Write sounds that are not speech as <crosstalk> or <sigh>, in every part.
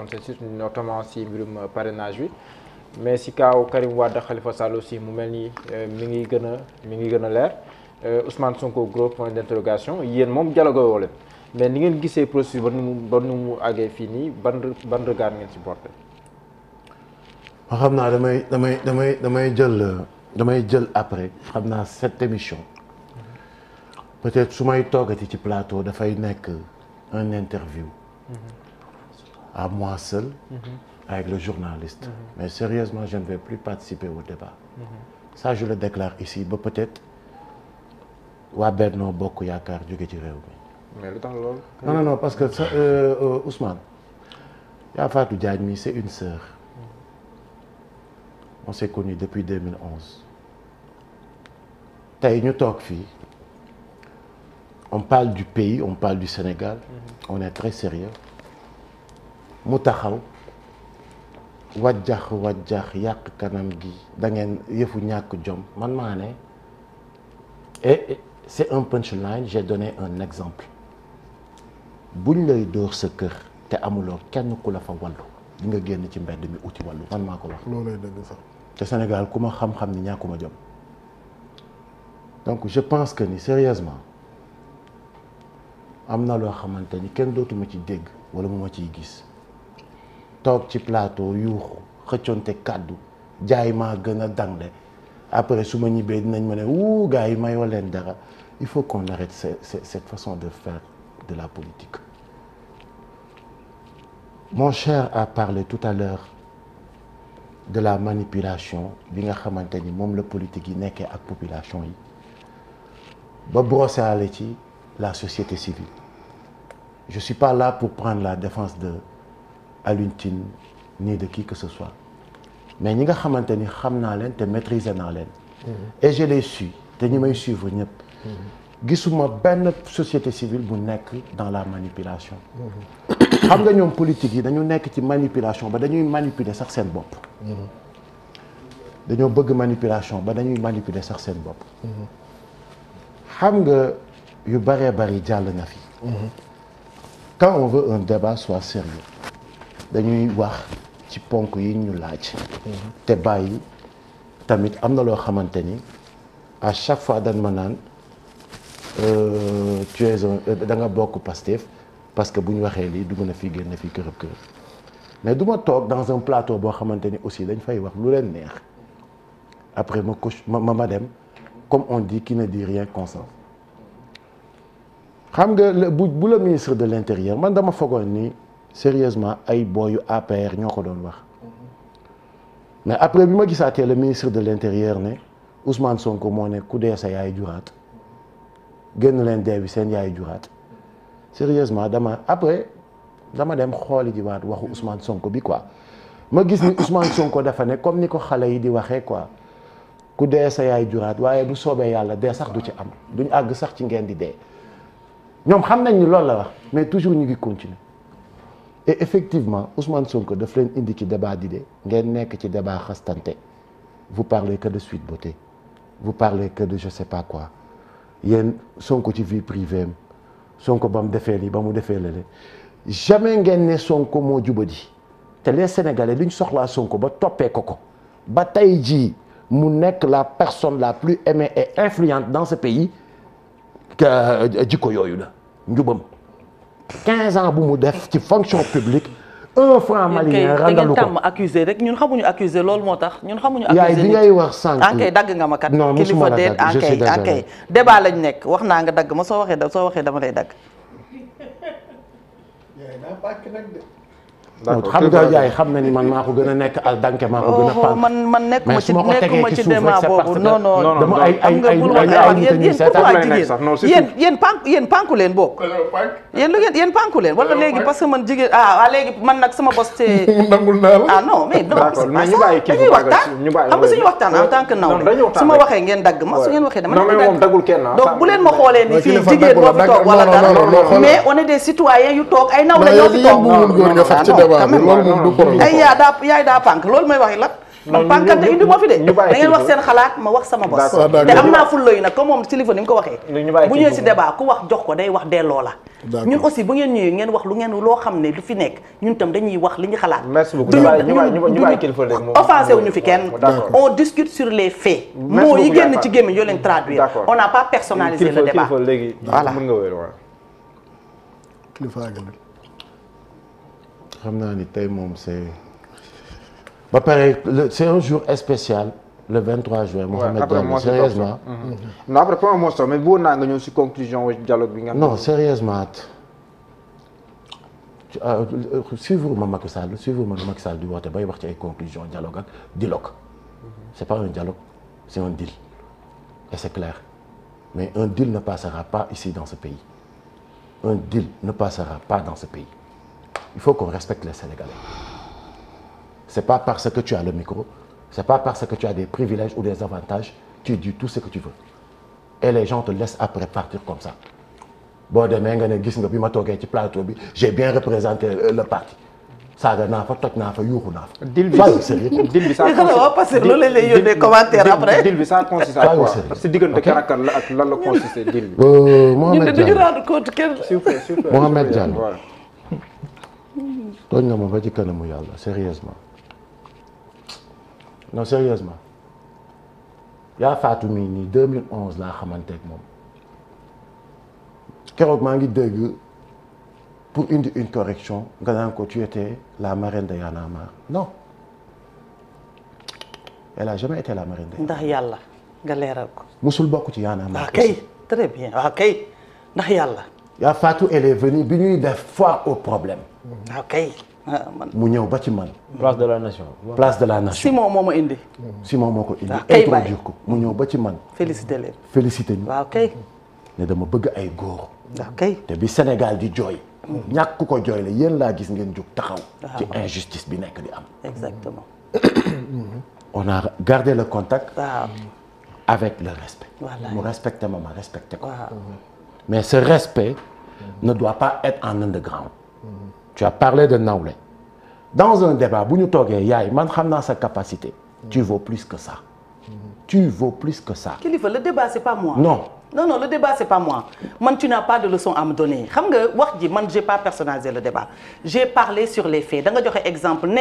consensus notamment si mbirum parrainage bi mais si kaaw Karim Wade Khalifa Sall si mu mel nii euh, mu ngi gën a mi ngi gën a leer euh, Ousmane Sonko gros point d'interrogation yéen moom dialogue woo leen mais ni ngeen gisee processus ba nu mu ba nu mu àggee fii nii ban ban regard ngeen si porté. xam naa damay damay damay damay jël damay jël après xam naa cette émission peut-être su may toogati ci plateau dafay nekk un interview. Mhm. à moi seul, mm-hmm. avec le journaliste. Mm-hmm. Mais sérieusement, je ne vais plus participer au débat. Mm-hmm. Ça, je le déclare ici, ba peut-être waa Benno Bokk Yaakaar jóge ci réew mi. mais lu tax loolu. non non non parce que ça, euh, euh, Ousmane yaa Fatou Diagne mi c'est une sœur. on s'est connus depuis 2011. tey ñu toog fii on parle du pays on parle du Sénégal. on est très sérieux mu taxaw wajjax wajjax yàq kanam gi da ngeen yëfu ñàkk jom man maa ne et c'est un punchline j'ai donné un exemple buñ lay dóor sa kër te amuloo kenn ku la fa wallu di nga génn ci mbedd mi uti wallu man maa ko wax. loolay dëgg sax. te Sénégal ku ma xam-xam ni ñàkkuma jom donc je pense que ni sérieusement am na loo xamante ni kenn dootuma ci dégg wala mu ma ciy gis. toog ci plateau yuuxu xëccoonte kàddu jaay maa gën a dangle après su ma ñibbee dinañ ma ne wuu gars yi mayoo leen dara il faut qu'on arrête cette façon de faire de la politique mon cher a parlé tout à l'heure de la manipulation bi nga xamante ni moom la politique yi nekkee ak population yi ba brosser ale ci la société civile je suis pas là pour prendre la défence de Alioune Tine ni de qui que ce soit mais ñi nga xamante ni xam naa leen te maîtriser naa leen. Mhm. et je les suis te ñi may suivre ñëpp. Mhm. gisuma benn société civile bu nekk dans la manipulation. Mhm. xam nga ñoom politique yi dañu nekk ci manipulation ba dañuy manipuler sax seen bopp. dañoo bëgg manipulation ba dañuy manipuler sax seen bopp. xam nga yu bëree bëri jàll na fi. quand on veut un débat soit sérieux dañuy wax ci ponk yi ñu laaj. te bàyyi tamit am na loo xamante ni chaque fois dañ ma naan euh, tu es euh, da nga bokk Pastef parce que bu ñu waxee lii dugg na fii génn fii kërëb kërëb mais du toog dans un plateau boo xamante ni aussi dañ fay wax lu leen neex après ma couche ma ma dem comme on di qui ne dit rien consent xam nga bu bu la ministre de l'intérieur man dama fogoon ni. sérieusement ay booyu APR ñoo ko doon wax mais après bi ma gisaatee le ministre de l'intérieur ne Ousmane Sonko moo ne ku dee sa yaay juraat génn leen dee bi seen yaay juraat sérieusement dama après dama dem xooli ji waxu Ousmane sonk bi quoi ma gis ni Ousmane Sonko dafa ne comme ni ko xale yi di waxee quoi ku dee sa yaay juraat waaye du soobee yàlla dee sax du ci am duñ àgg sax ci ngeen di dee ñoom xam nañ ni loolu la wax mais toujours ñu ngi continuer et effectivement Ousmane Sonko def leen indi ci débat de ngeen nekk ci débat xastante vous parlez que de Sweet Beauté vous parlez que de je pas quoi yéen Sonko ci vie privée am Sonko ba mu defee lii ba mu defee lële jamais ngeen ne Sonko moo jubadi te les Sénégalais li ñu soxlaa Sonko ba toppee ko ko ba tey jii mu nekk la personne la plus aimée et influente dans ce pays euh, jikko yooyu la njubam 15 ans bu mu def ci fonction publique un franc malien randalu ko accusé rek ñun xamuñu accusé lool moo tax ñun xamuñu accusé yaay bi ngay wax sànq ankay ah, dagg nga ma kat non kilifa déet ankay ah, ah, lañ nekk wax naa nga dagg ma soo waxee soo waxee dama lay dagg xam nga yaay xam na ni man maa ko gën a nekk al danke maa ko gën a oh, man man nekkuma ci nekkuma ci boobu non non dama ay ay ay yéen waxtaan xam nga suñu waxtaan ah, en tant que naw ma waxee ngeen dagg ma su ngeen waxee dama ah. donc bu leen ma xoolee ni fii jigéen moo fi toog wala dara mais on est des citoyens yu toog ay naw la fi toog waaw loolu moom du problème ay yaa daa yaay daa pànk loolu may waxi lan man pànkante indi ma fi de da ngeen wax seen xalaat ma wax sama bos te am naa fulla yi nag comme moom téléphone ni mu ko waxee bu ñëwee si débat ku wax jox ko day wax delloo la ñun aussi bu ngeen ñëwee ngeen wax lu ngeen loo xam ne lu fi nekk ñun tam dañuy wax li ñu xalaat duñu offensé wuñu fi kenn on discute sur les faits moo yi génn ci gémmiñ yoo leen traduire on n'a pas personnalisé le débat voilà xam naa ni tey moom c'est ba pare c'est un jour spécial le 23 juin. Mohamed Dramé sérieusement. Mhm. non après pas un mot si conclusion dialogue bi nga. non sérieusement ah, euh, suivre ma Macky Sall suivre ma Macky di woote bay wax ci ay conclusion dialogue ak dialogue. Mhm. c'est pas un dialogue c'est un deal c'est clair mais un deal ne passera pas ici dans ce pays un dans ce pays. il faut qu'on respecte les Sénégalais. C'est pas parce que tu as le micro, c'est pas parce que tu as des privilèges ou des avantages, tu dis tout ce que tu veux. Et les gens te laissent après partir comme ça. boo demee nga ne gis nga bi ma toogee ci plateau bi j'ai bien représenté euh, le parti saaga naa fa toj naa fa yuuxu naa fa. dil bi dil ak kan la ak lan bi. Euh, Mohamed Diallo ñun tooñ nga moom ba ci kanamu yàlla sérieusement non sérieusement yaa faatu mii nii 2011 laa xamante moom keroog maa ngi dégg pour indi une correction nga naan ko tu étais la marraine de Y'en a marre non elle a jamais été la marraine de. ndax yàlla nga leeral ko. musul bokk ci Y'en a marre. waaw ndax yàlla. yaa Fatou elle est venue bi ñuy def foire au problème. Mm, ok. Ah, mu ñëw ba ci man. place de la nation. place de la nation Simon moo ma indi. Simon moo ko indi. Ah, introduire ko mu ñëw ba ci man. félicité leen félicité ñu. waaw ah, kay. ne dama bëgg ay góor. kay te bi Sénégal di jooy. Mm. ñàkk ku ko jooy la yéen laa gis ngeen jóg taxaw. ci injustice bi nekk di am. exactement. <coughs> on a gardé le contact. waaw. avec le respect. voilà mu respecté ma ma respecté ko. waaw. mais ce respect. ne doit pas être en underground. tu as parlé de nawle dans un débat bu ñu toogee yaay man xam naa sa capacité. tu vaux plus que ça. tu vaux plus que ça. Kilifa le débat c'est pas moi. non non non le débat c'est pas moi man tu n'as pas de leçon à me donner xam nga wax ji man j'ai pas personnalisé le débat j'ai parlé sur les faits da nga joxe exemple ne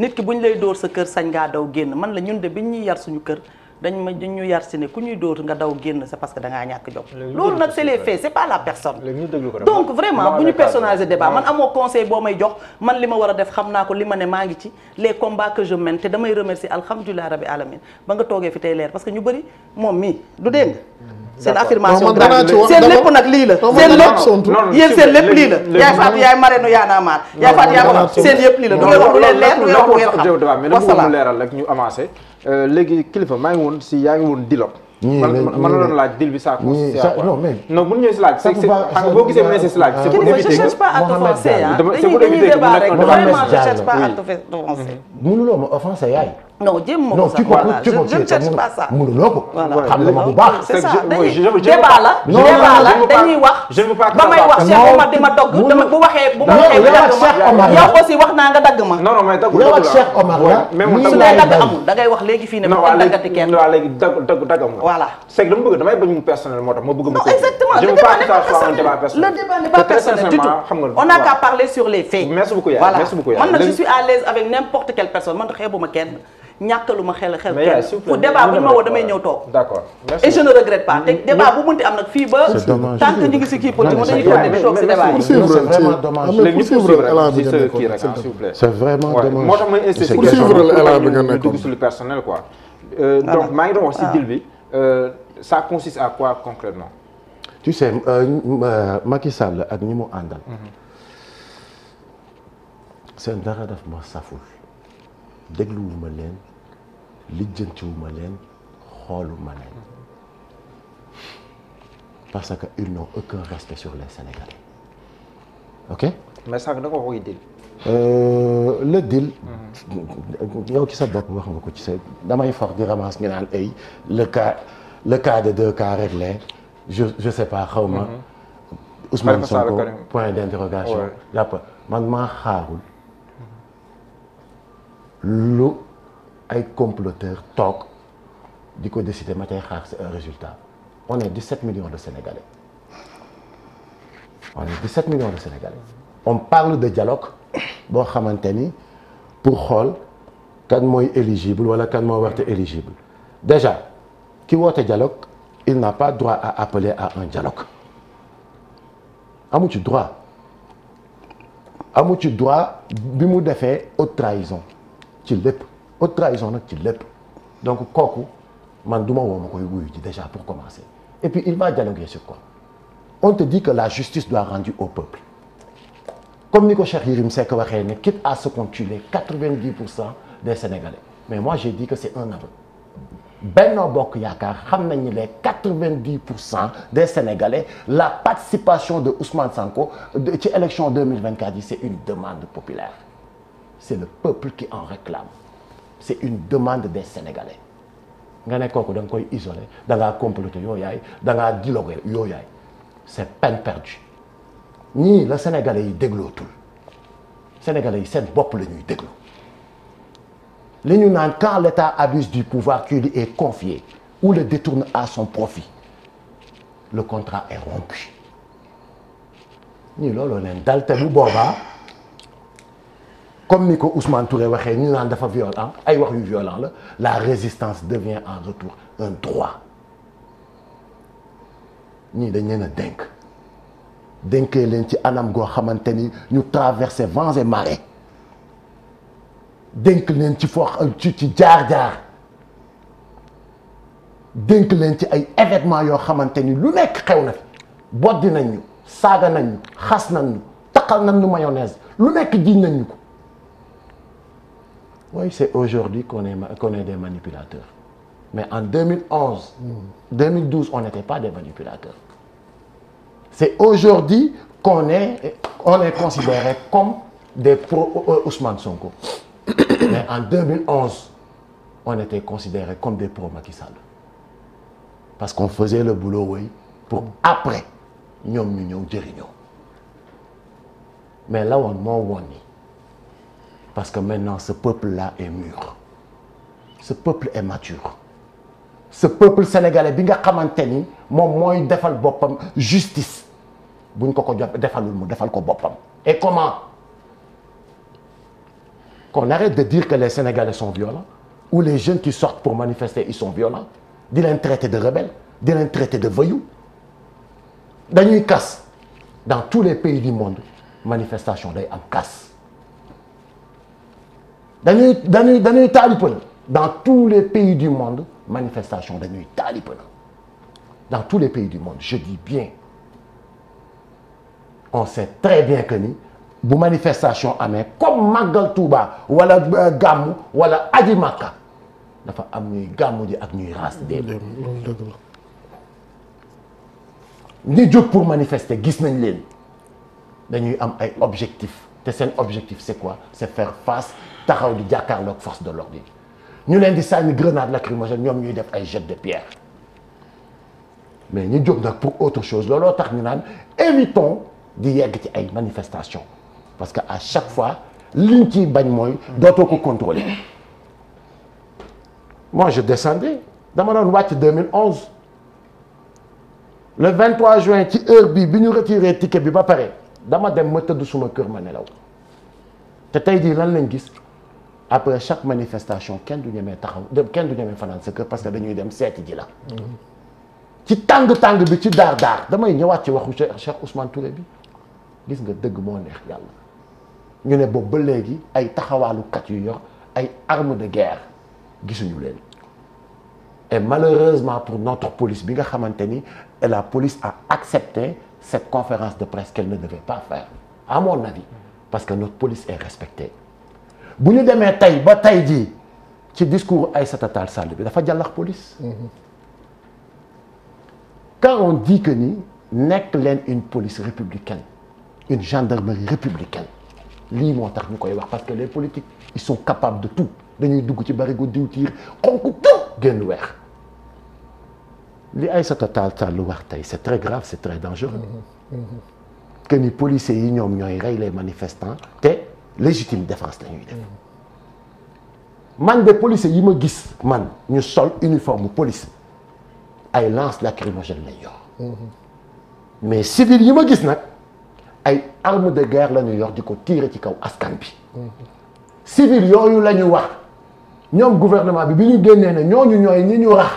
nit ki bu ñu lay door sa kër sañ ngaa daw génn man la ñun de bi ñu yar suñu kër. dañ ma dañ ñu yar si ne ku ñuy dóor nga daw génn sa parce que da ngaa ñàkk jom loolu nag c'est les faits c'est pas la personne donc vraiment bu ñu personnaliser débat man amoo conseil boo may jox man li ma war a def xam naa ko li ma ne maa ngi ci les combats que je mène te damay remercier alhamdulilah rabbi alamin ba nga toogee fi tey leer parce que ñu bëri moom mii du dégg seen affirmation grave seen lépp nag lii seen lépp lii la yaay Fatou yaay Marenu yaa naa maar yaay Fatou yaa ko xam seen yëpp lii la du ngeen wax lu leen leer du ngeen wax lu ngeen xam mais dama bëgg leeral ñu avancé euh, léegi kilifa maa ngi woon si yaa ngi woon Dilop man man la laaj dil bi ça consiste à quoi non mais non bu ñu ñëwee si laaj c'est xam nga boo gisee mu ne si laaj c'est pour éviter que je cherche pas à t'offenser c'est pour éviter que mu nekk vraiment je cherche pas à t'offenser non jéem ma ko sax voilà je ne cherche pas ça mënuloo ko. xam nga ma bu baax. c'est ça dañuy débat la. débat la dañuy wax. je ne veux pas que damay wax Cheikh Omar di ma dogg dama bu waxee. bu ma waxee dagg ma yow aussi wax naa nga dagg ma. non non mais daggul yow ak Cheikh Omar la. mu su dee dagg amul da ngay wax léegi fii ne. bu kenn daggati kenn waaw léegi dagg dagg dagg amul. voilà c'est que dama bëgg damay bañ mu personnel moo tax ma bëgg ma. non exactement le débat n'est pas personnel le débat n'est pas personnel du tout on n'a qu'à parler sur les faits. merci beaucoup yaay merci beaucoup yaay voilà man nag je suis à l'aise avec n'importe quelle personne man xeebuma kenn ñàkkaluma xel xel kenn pour débat bu ñu ma woo damay ñëw toog d'accord et je ne regrette pas te mm-hmm. débat bu mënti am nag fii ba tant que ñu ngi si kii politique dañuy continuer toog si débat yi c'est vraiment dommage léegi poursuivre si sa kii rek s'il vous plaît c'est vraiment dommage moo tax may insisté poursuivre élan bi nga nekkoon dugg sur le personnel quoi euh, ah donc maa ngi doon wax si ah. dil bi euh, ça consiste à quoi concrètement tu sais euh, Macky Sall ak ñi mu àndal mm-hmm. seen dara daf ma saful dégluwuma leen lijjantiwuma leen xooluma leen parce que ils n'ont aucun respect sur les Sénégalais ok. mais sànq da nga koy euh, le dil. Mhm. ci sa bopp wax nga ko ci sa damay for di ramasse ñu naan ay le cas le cas de deux cas réglés je sais pas xaw ma. Mhm. Ousmane Sonko point d'interrogation. jàpp man lu ay comploteurs toog di ko décider ma tey un résultat on est 17 millions de Sénégalais on est 17 millions de Sénégalais on parle de dialogue boo xamante ni pour xool kan mooy éligible wala kan moo warte éligible déjà ki woote dialogue il n'a pas droit à appeler à un dialogue amu ci droit amu ci droit bi mu defee haute trahison ci lépp haute trahison nag ci lépp donc kooku man du ma woo ma koy wuyu ji pour commencer et puis il va dialoguer sur quoi on te dit que la comme ni ko Cheikh Yérim Seck waxee ne quitte à ce qu'on tue les quatre-vingt-dix pour cent des Sénégalais mais moi j'ai dit que c'est un aveu Yaakaar xam nañ ni les quatre-vingt-dix pour cent des Sénégalais la participation de Ousmane Sonko ci élection 2024 yi c'est une demande populaire c'est le peuple qui en réclame c'est une demande des Sénégalais nga ne kooku da nga koy isolé da ngaa comploté yoo yaay da ngaa dialogué yoo yaay c'est peine perdue ñii la Sénégalais yi déglootul Sénégalais yi seen bopp la ñuy déglu li ñu naan quand l'État abuse du pouvoir qui lui est confié ou le détourne à son profit le contrat est rompu ñii looloo leen dal te comme ni ko Ousmane Touré waxee ñu naan dafa violent ay wax yu violent la la résistance devient en retour un droit ñii dañ leen a dénk dénkee leen ci anam goo xamante ni ñu traverse vents et marées dénk leen ci foo ci ci jaar-jaar dénk leen ci ay événements yoo xamante ni lu nekk xew na fi boddi nañ ñu saaga nañ xas nañ ñu taqal nañ ñu mayonnaise lu nekk jiñ nañ ko. oui c'est aujourd'hui qu'on est qu'on est des manipulateurs mais en 2011 2012 on n'était pas des manipulateurs c'est aujourd'hui qu'on est on est considéré comme des pro euh, euh Ousmane <coughs> mais en 2011 on était considéré comme des pro Macky Sall parce qu'on faisait le boulot oui pour après ñoom ñu ñëw jëriñoo mais la woon moo Parce que maintenant, ce peuple-là est mûr. Ce peuple est mature. Ce peuple sénégalais bi nga xamante ni moom mooy defal boppam justice buñ ko ko jox defalul mu defal ko boppam. Et comment? Qu'on arrête de dire que les Sénégalais sont violents ou les jeunes qui sortent pour manifester ils sont violents di leen traiter de rebelles di leen traiter de voyous dañuy casse dans tous les pays du monde manifestation day am casse. dañuy dañuy dañuy taali dans tous les pays du monde manifestation dañuy taali pël tous les pays du monde je dis bien on sait très bien que ni bu manifestation amee comme màggal Touba wala euh, gàmmu wala aji dafa am ñuy gàmmu ji ak ñuy raas pour manifester gis nañ leen dañuy am ay objectifs te seen objectif c'est quoi c'est faire face taxaw di jàkkaarloog force de l'ordre yi ñu leen di sànni grenade lacrymogène ñoom ñuy def ay jet de pierre mais ñu jóg nag pour autre chose looloo tax ñu naan évitons di yegg ci ay manifestation parce que à chaque fois liñ ciy bañ mooy dootoo ko contrôler moi je descendais dama doon wàcc 2011 le 23 juin ci heure bi bi ñu retiré ticket bi ba pare dama dem ma tëdd suma kër ma nelaw te tey jii lan lañ après chaque manifestation kenn du ñemee taxaw kenn du ñemee fanaan sa kër parce que dañuy dem seeti ji la. ci tàng-tàng bi ci daar daar damay ñëwaat ci waxu Cheikh Ousmane Touré bi gis nga dëgg moo neex yàlla ñu ne boobu ba léegi ay taxawaalukat yu yor ay arme de guerre gisuñu leen et malheureusement pour notre police bi nga xamante ni la police a accepté cette conférence de presse qu'elle ne devait pas faire à mon avis parce que notre police est respectée bu ñu demee tey ba tey jii ci discours Aïssata Tall Sall bi dafa jàllax police quand on dit que ni nekk leen une police républicaine une gendarmerie républicaine lii moo tax ñu koy wax parce que les politiques ils sont capables de tout dañuy dugg ci barigo diwtiir xonk tout génn weex li Aïssata Tall Sall wax tey c'est très grave c'est très dangereux mm-hmm. Mm-hmm. que ni policiers yi ñoom ñooy rey manifestant manifestants te légitime défense la ñuy def man de policier yi ma gis man ñu sol uniforme police ay lance lacrymogène lañ yor mais civil yi ma gis nag ay arme de guerre la ñu yor di ko tiire ci kaw askan bi civil yooyu la ñu wax ñoom gouvernement bi bi ñu génnee ne ñooñu ñooy ñi ñu rax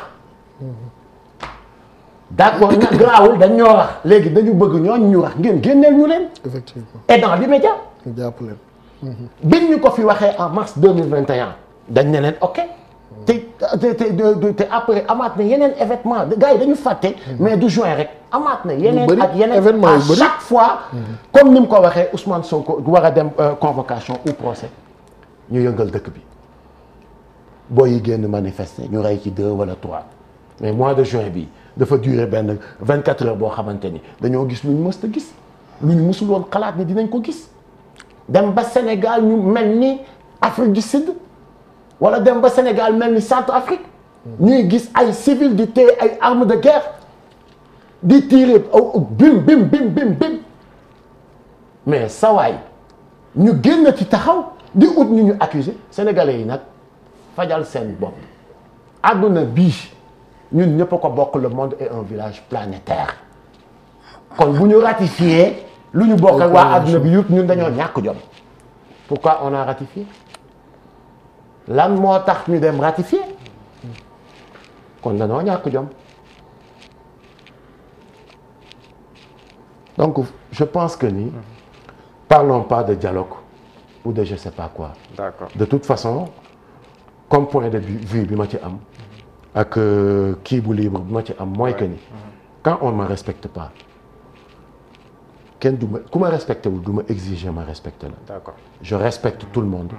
d'accord na garaawul dañ ñoo rax léegi dañu bëgg ñoo ñu rax ngeen génneel ñu leen effectivement et dans l'immédiat ñu jàpp biñ ñu ko fi waxee en mars 2021 dañ ne leen ok te te te te après amaat na yeneen événement gars yi dañu fàtte mais du juin rek amaat na yeneen ak yeneen à chaque fois comme ni ko waxee Ousmane Sonko war a dem euh, convocation ou procès ñu yëngal dëkk bi boo yi génn manifester ñu rey ci deux wala trois mais mois de juin bi dafa dure benn vingt quatre heures boo xamante ni dañoo gis ñu mës gis lu ñu mësul woon xalaat ni dinañ ko gis dem ba Sénégal ñu mel ni Afrique du Sud wala dem ba Sénégal mel ni Centre Afrique ñuy gis ay civil di téye ay armes de guerre di tirer bim bim bim bim bim mais saway ñu génn ci taxaw di ut ñu ñu accuser sénégalais yi nag fajal seen bopp àdduna bii ñun ñëpp a ko bokk le monde est un village planétaire kon bu ñu ratifié lu ñu bokk ak waa adduna bi yëpp ñun dañoo ñàkk jom pourquoi on a ratifié lan moo tax ñu dem ratifié kon dañoo ñàkk jom donc je pense que ni parlons pas de dialogue ou de je sais pas quoi d'accord de toute façon comme point de vue bi ma ci am ak euh, kii bu libre bi ma ci am mooy que ni mm-hmm. quand on ne me respecte pas kenn du ma ku ma respecté wul du ma exiger ma respecté la. d'accord je respecte tout le monde.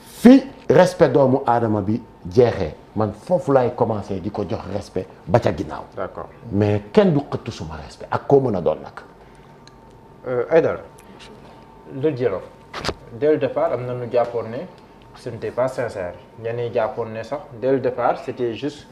fi respect doomu aadama bi jeexee man foofu laay commencé di ko jox respect ba ca ginnaaw. d'accord mais kenn du xëttu suma respect ak koo mën a doon nag. Euh, Aïdara le Djolof dès le départ am na ñu jàppoon ne ce n'était pas sincère ñenn ñi jàppoon ne sax dès le départ c'était juste.